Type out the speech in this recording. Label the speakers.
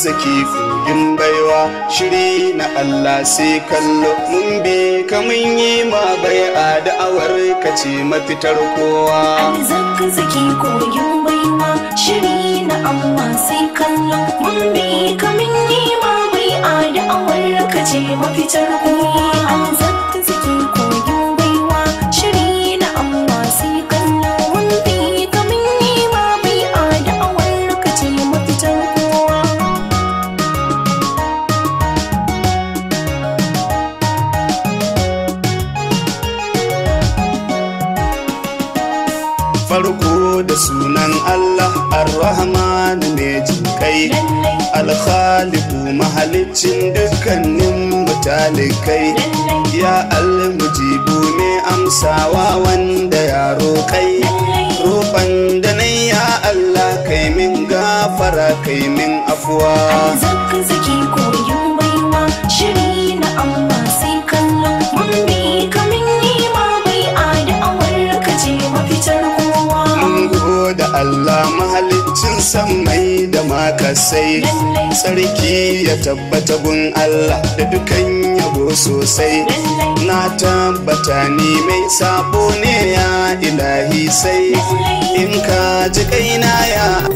Speaker 1: zaki kogin baiwa shiri na Allah sai kallo mun bi ka mun yi ma bai da'awar ka ce mafitar
Speaker 2: kowa zaki kogin baiwa shiri na Allah sai kallo mun bi ka mun yi ma bai da'awar ka ce mafitar kowa
Speaker 1: farko da sunan Allah Ar-Rahman mai jin kai. mahalicin dukkanin mutalikai Ya Al-Mujibu mai amsawa wanda ya roƙai Roƙon da nan ya Allah kai min gafara kai min afuwa Allah mahalicin sammai da sai, sarki ya tabbata gun Allah da dukan yabo sosai na tabbata ni mai sabo ne ya ilahi sai
Speaker 2: in ka ji kaina ya